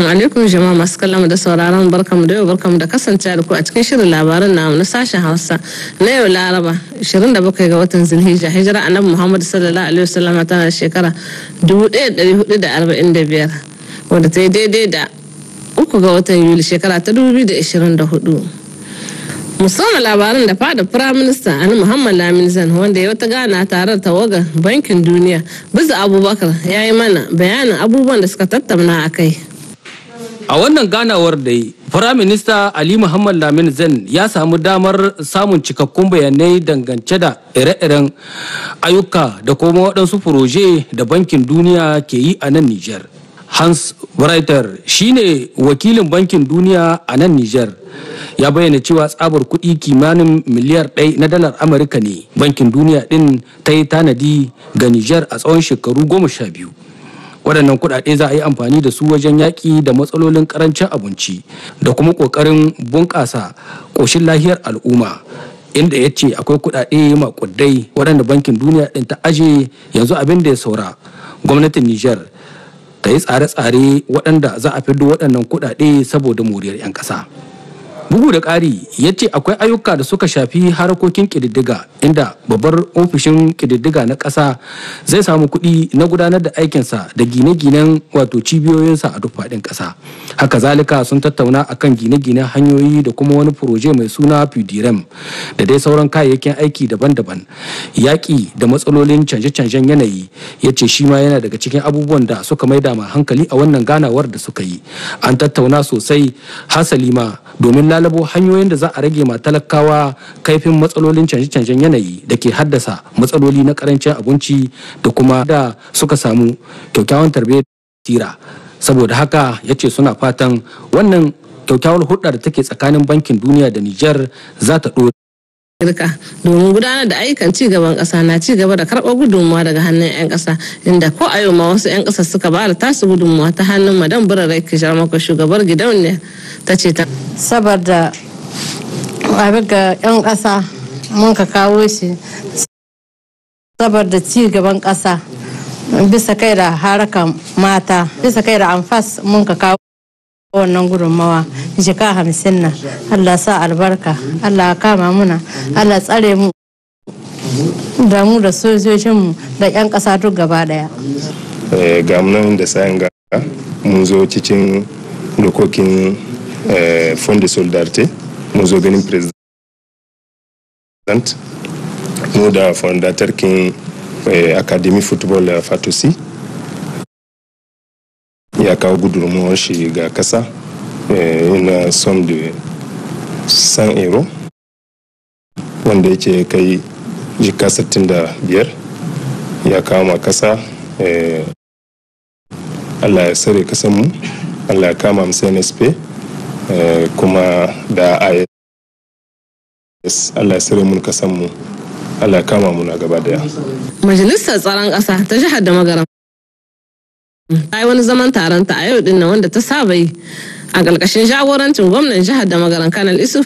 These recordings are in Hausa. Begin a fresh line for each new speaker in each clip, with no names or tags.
Assalamu alaikum jama'a masu kallon da sauraron barkamu da yau barkamu da kasancewa da ku a cikin shirin labaran namu na sashen Hausa na yau Laraba 27 ga watan Zulhijja hijira annabi Muhammad sallallahu alaihi wasallam tana shekara 1445 wanda ta yi daidai da uku ga watan Yuli shekara ta 2024. musamman labarin da fada firaminista ali muhammad lamin zan wanda ya wata gana tare da tawagar bankin duniya bisa abubakar ya yi mana bayanin abubuwan da suka tattauna a kai
a wannan ganawar da yi firaminista ali muhammad lamin zen ya samu damar samun cikakkun bayanai dangance da ire-iren ayyuka da kuma waɗansu furoje da bankin duniya ke yi a nan Nijar. hans breiter shine wakilin bankin duniya a nan Nijar. ya bayyana cewa tsabar kuɗi kimanin miliyar ɗai na dalar amurka ne bankin duniya ɗin ta yi tanadi ga Nijar a tsawon shekaru goma sha biyu waɗannan kuɗaɗe za a yi amfani da su wajen yaƙi da matsalolin karancin abinci da kuma ƙoƙarin bunƙasa ƙoshin lahiyar al'umma inda ya ce akwai kuɗaɗe maƙudai waɗanda bankin duniya ɗin ta aje yanzu abin da ya saura gwamnatin niger ta yi tsare-tsare waɗanda za a fiddo waɗannan kuɗaɗe saboda moriyar 'yan ƙasa. bugu da ƙari ya ce akwai ayyuka da suka shafi harkokin ƙididdiga inda babbar ofishin ƙididdiga na ƙasa zai samu kuɗi na gudanar da aikinsa da gine-ginen wato cibiyoyinsa a duk faɗin ƙasa haka zalika sun tattauna akan gine-ginen hanyoyi da kuma wani furoje mai suna pudirem da dai sauran kayayyakin aiki daban-daban yaƙi da matsalolin canje-canjen yanayi ya ce shi ma yana daga cikin abubuwan da suka maida ma hankali a wannan ganawar da suka yi an tattauna sosai hasali ma domin lalabo hanyoyin da za a rage ma talakawa kaifin matsalolin canje-canjen yanayi da ke haddasa matsaloli na karancin abinci da kuma da suka samu kyakkyawan tarbiyyar tira saboda haka ya ce suna fatan wannan kyakkyawar hulɗa da take tsakanin bankin duniya da niger za ta ɗore
Amurka domin gudanar da ayyukan ci gaban ƙasa na ci gaba da karɓar gudunmuwa daga hannun 'yan ƙasa inda ko a yau ma wasu 'yan ƙasa suka ba da tasu gudunmawa ta hannun madan burarai kisharmako shugabar gidauniya ta ce ta. saboda a riga 'yan ƙasa mun ka kawo shi saboda ci gaban ƙasa bisa kai da harakan mata bisa kai da amfas mun ka kawo wannan gudunmawa jika hamsin nan allah sa albarka allah kama muna allah tsare mu da mu da sojojinmu da 'yan ƙasa duk gaba ɗaya.
Eh, ga nan da sayan ga mun zo cikin dokokin eh, fondi solidarity mun zo ganin president
mu da fondatarkin eh, academy football fatusi ya kawo gudunmuwar
shi ga kasa eh, na som da san ero wanda yake kai jika 65 ya kawo ma kasa eh, allah ya tsare kasanmu allah ya kama musa nsp eh, kuma da is allah ya sare mun kasanmu allah ya kama muna gaba daya
majalisar tsaron ƙasa ta jihar da magaram Ta wani zaman taron ta a yau dinnan wanda ta saba yi a karkashin jagorancin gwamnan jihar da magaran kanal Isuf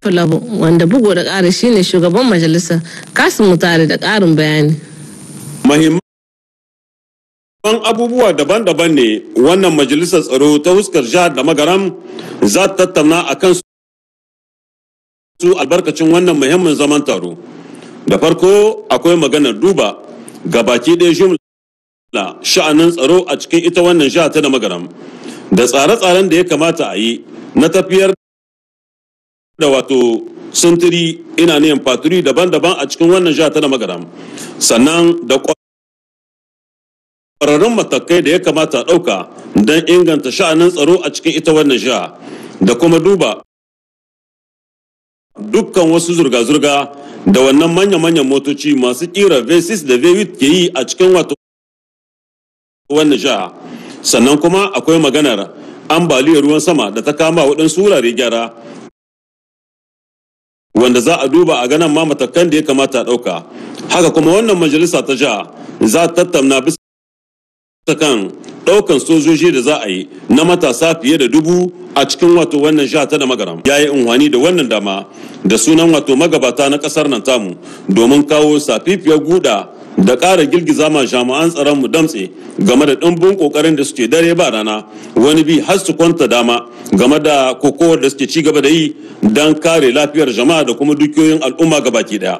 Fulabo wanda bugu da ƙari shine shugaban majalisar Kasim Mutare da ƙarin bayani.
Mahimman abubuwa daban-daban ne wannan majalisar tsaro ta huskar jihar da magaram za ta tattauna a kan su albarkacin wannan muhimmin zaman taro. Da farko akwai maganar duba ga baki ɗaya jumla da sha'anin tsaro a cikin ita wannan sha ta da magaram da tsare-tsaren da ya kamata a yi na tafiyar da wato sintiri ina niyan faturi daban-daban a cikin wannan sha ta da magaram sannan da kwararrun matakai da ya kamata a ɗauka don inganta sha'anin tsaro a cikin ita wannan sha da kuma duba dukkan wasu zurga-zurga da wannan manya-manyan motoci masu kira v6 da v8 ke yi a cikin wato wannan sha sannan kuma akwai maganar ambaliyar ruwan sama da ta kama waɗansu wurare gyara wanda za a duba a ganan ma matakan da ya kamata a ɗauka haka kuma wannan majalisa ta jiha za ta tattauna bisa kan ɗaukan sojoji da za a yi na matasa fiye da dubu a cikin wato wannan jiha ta da magaram ya yi unhwani da wannan dama da sunan wato magabata na ƙasar nan tamu domin kawo safifiyar guda da ƙara girgiza ma jami'an tsaron mu damtse game da ɗimbin ƙoƙarin da suke dare ba rana wani bi har su kwanta dama game da kokowar da suke ci gaba da yi don kare lafiyar jama'a da kuma dukiyoyin al'umma gabaki daya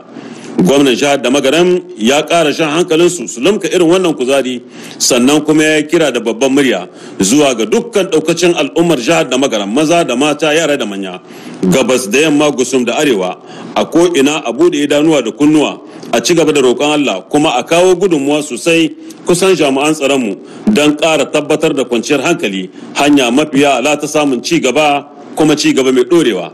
gwamnan jihar da magaram ya ƙara shan hankalinsu su lamka irin wannan kuzari sannan kuma ya kira da babban murya zuwa ga dukkan ɗaukacin al'ummar jihar da magaram maza da mata yara da manya gabas da yamma gusum da arewa a ko ina a buɗe idanuwa da kunnuwa a ci gaba da roƙon Allah kuma a kawo gudunmuwa sosai kusan jami'an tsaronmu don ƙara tabbatar da kwanciyar hankali hanya mafiya ala ta samun ci gaba kuma ci gaba mai ɗorewa.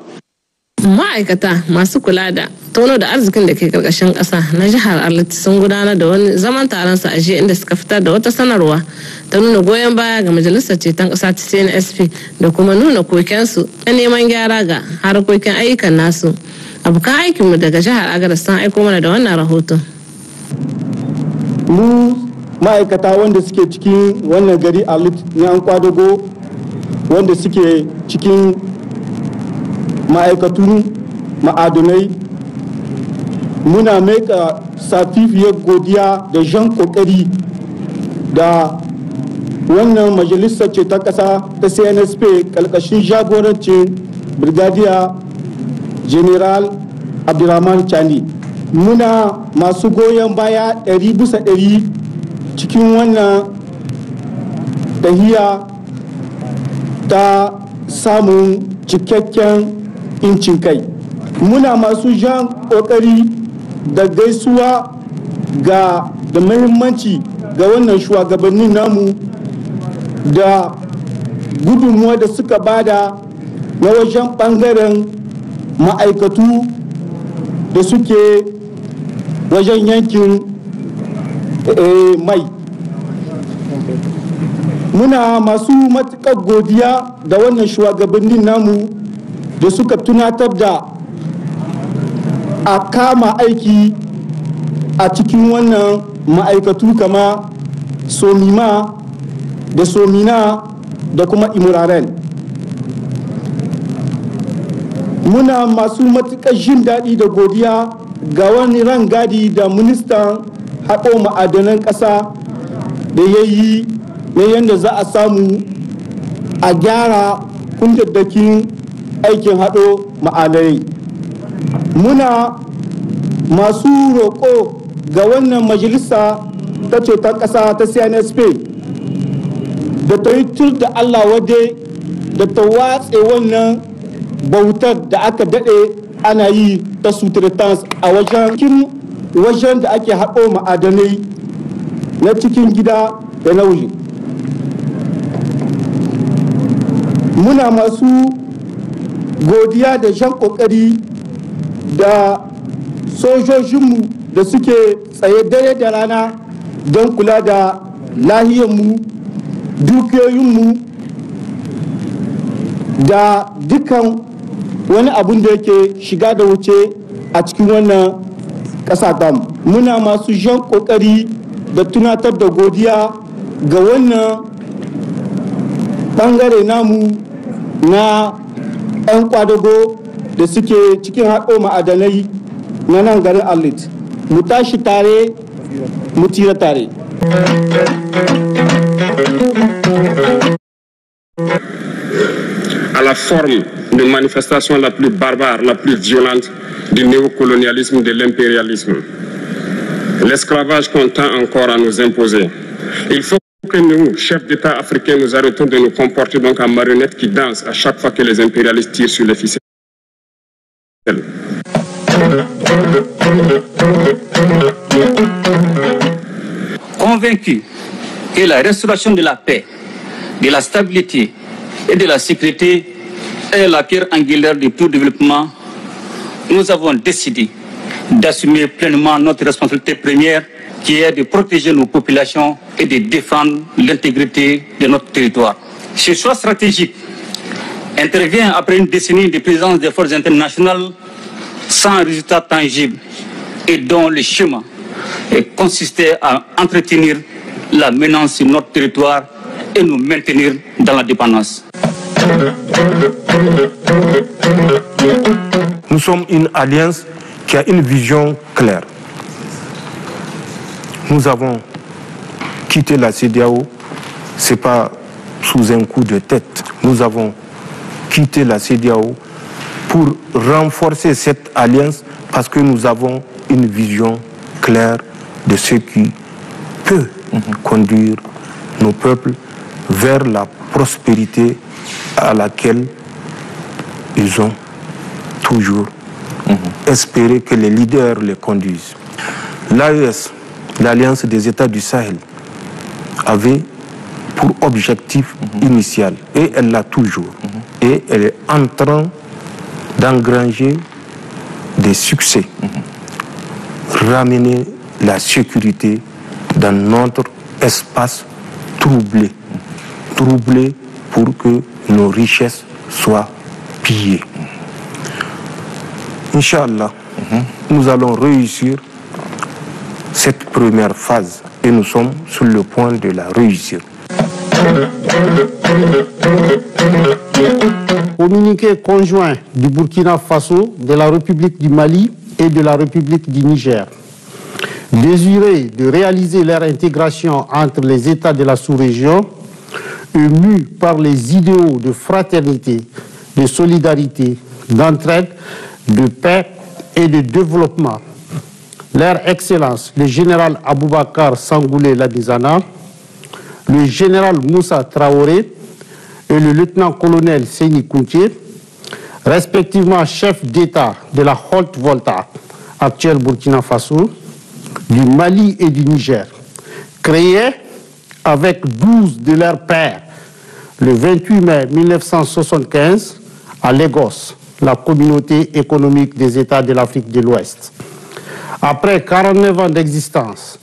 ma'aikata masu kula da tono da arzikin da ke karkashin ƙasa na jihar arlit sun gudanar da wani zaman taron su ajiye inda suka fitar da wata sanarwa ta nuna goyon baya ga majalisar ceton ƙasa ta cnsp da kuma nuna kokensu na neman gyara ga harkokin ayyukan nasu abokan mu daga jihar agadas sun aiko mana da wannan rahoton
mu ma'aikata wanda suke cikin wannan gari alit ne an kwadago wanda suke cikin ma'aikatun ma'adunai muna maika safifiyar godiya da jan kokari da wannan majalisar ce ta ƙasa ta cnsp ƙarƙashin jagorancin Birgadiya. general abdurrahman chani muna masu goyon baya ɗari bisa ɗari cikin wannan tahiya ta samun cikakken incin kai muna masu jan ƙoƙari da gaisuwa ga da muhimmanci ga wannan shugabannin namu da gudunmuwa da suka bada na wajen ɓangaren ma'aikatu da suke wajen yankin eh, mai muna masu matuƙar godiya da wannan shugabannin namu da suka tunatar da a kama aiki a cikin wannan ma'aikatu kama somima da somina da kuma imuraren muna masu matuƙar jin daɗi da godiya ga wani gadi da ministan haɗo ma'adanan ƙasa da ya yi na yadda za a samu a gyara kundaddakin aikin haɗo ma'adanai muna masu roƙo ga wannan majalisa ta ceton ƙasa ta cnsp da ta yi tur da allah wade da ta watse wannan bautar da aka daɗe ana yi ta sutretans a wajen wajen da ake haƙo ma'adanai na cikin gida da na waje muna masu godiya da shan ƙoƙari da sojojinmu da suke tsaye dare da rana don kula da lahiyarmu dukiyoyinmu da dukkan wani abun da yake shiga da wuce a cikin wannan ƙasa tamu muna masu jan ƙoƙari da tunatar da godiya ga wannan ɓangare namu na 'yan kwadago da suke cikin haƙo ma'adanai na nan garin arlit mu tashi tare mu tira tare
à la forme de manifestation la plus barbare, la plus violente du néocolonialisme, de l'impérialisme. L'esclavage qu'on tend encore à nous imposer. Il faut que nous, chefs d'État africains, nous arrêtons de nous comporter donc en marionnettes qui dansent à chaque fois que les impérialistes tirent sur les ficelles.
Convaincu que la restauration de la paix, de la stabilité et de la sécurité la pierre angulaire du tout développement, nous avons décidé d'assumer pleinement notre responsabilité première qui est de protéger nos populations et de défendre l'intégrité de notre territoire. Ce choix stratégique intervient après une décennie de présence des forces internationales sans résultat tangible et dont le chemin consisté à entretenir la menace sur notre territoire et nous maintenir dans la dépendance.
Nous sommes une alliance qui a une vision claire. Nous avons quitté la CDAO, ce n'est pas sous un coup de tête. Nous avons quitté la CDAO pour renforcer cette alliance parce que nous avons une vision claire de ce qui peut conduire nos peuples vers la prospérité à laquelle ils ont toujours mhm. espéré que les leaders les conduisent. L'AES, l'Alliance des États du Sahel, avait pour objectif mhm. initial, et elle l'a toujours, mhm. et elle est en train d'engranger des succès, ramener la sécurité dans notre espace troublé, troublé pour que nos richesses soient pillées. Inch'Allah, nous allons réussir cette première phase et nous sommes sur le point de la réussir.
Communiqué conjoint du Burkina Faso, de la République du Mali et de la République du Niger. Désiré de réaliser leur intégration entre les États de la sous-région émus par les idéaux de fraternité, de solidarité, d'entraide, de paix et de développement. Leur Excellence, le général Aboubakar Sangoulé ladizana le général Moussa Traoré et le lieutenant-colonel Seyni Koutier, respectivement chef d'État de la Holt Volta, actuelle Burkina Faso, du Mali et du Niger, créaient avec 12 de leurs pères le 28 mai 1975 à Lagos, la communauté économique des États de l'Afrique de l'Ouest. Après 49 ans d'existence,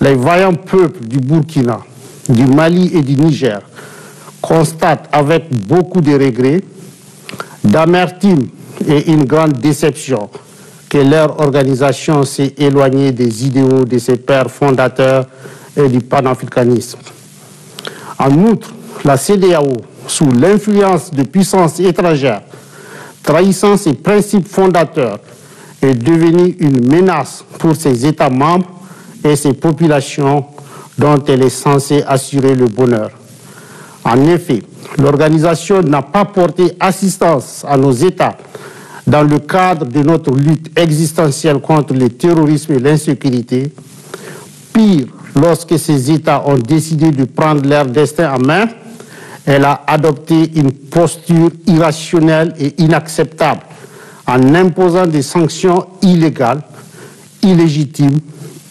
les vaillants peuples du Burkina, du Mali et du Niger constatent avec beaucoup de regrets, d'amertume et une grande déception que leur organisation s'est éloignée des idéaux de ses pères fondateurs et du panafricanisme. En outre, la CDAO, sous l'influence de puissances étrangères, trahissant ses principes fondateurs, est devenue une menace pour ses États membres et ses populations dont elle est censée assurer le bonheur. En effet, l'organisation n'a pas porté assistance à nos États dans le cadre de notre lutte existentielle contre le terrorisme et l'insécurité. Pire, lorsque ces États ont décidé de prendre leur destin en main, elle a adopté une posture irrationnelle et inacceptable en imposant des sanctions illégales, illégitimes,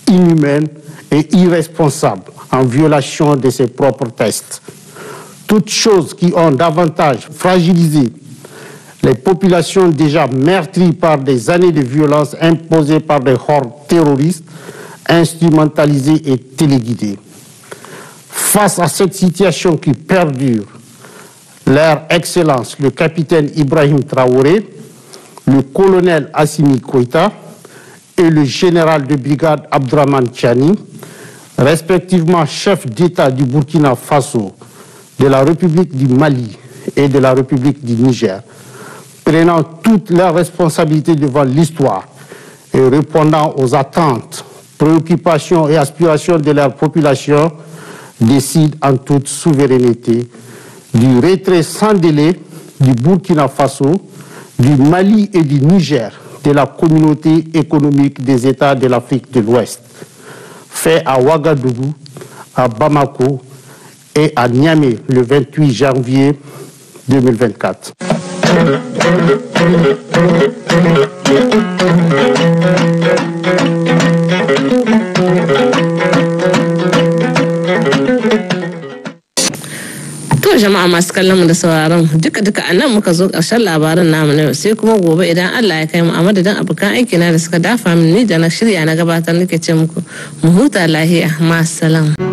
inhumaines et irresponsables en violation de ses propres tests. Toutes choses qui ont davantage fragilisé les populations déjà meurtries par des années de violence imposées par des hordes terroristes instrumentalisés et téléguidés. Face à cette situation qui perdure, leur Excellence, le capitaine Ibrahim Traoré, le colonel Assimi Koïta et le général de brigade Abdraman Tchani, respectivement chef d'État du Burkina Faso, de la République du Mali et de la République du Niger, prenant toutes leurs responsabilités devant l'histoire et répondant aux attentes préoccupations et aspirations de la population décide en toute souveraineté du retrait sans délai du Burkina Faso, du Mali et du Niger de la communauté économique des États de l'Afrique de l'Ouest, fait à Ouagadougou, à Bamako et à Niamey le 28 janvier 2024.
kallon da sauraron duka duka a nan muka zo karshen labarin namu na yau sai kuma gobe idan Allah ya kai mu a madadin abokan aiki na da suka dafa min ni da na shirya na gabatar nake ce muku mu huta lahiya ma salam.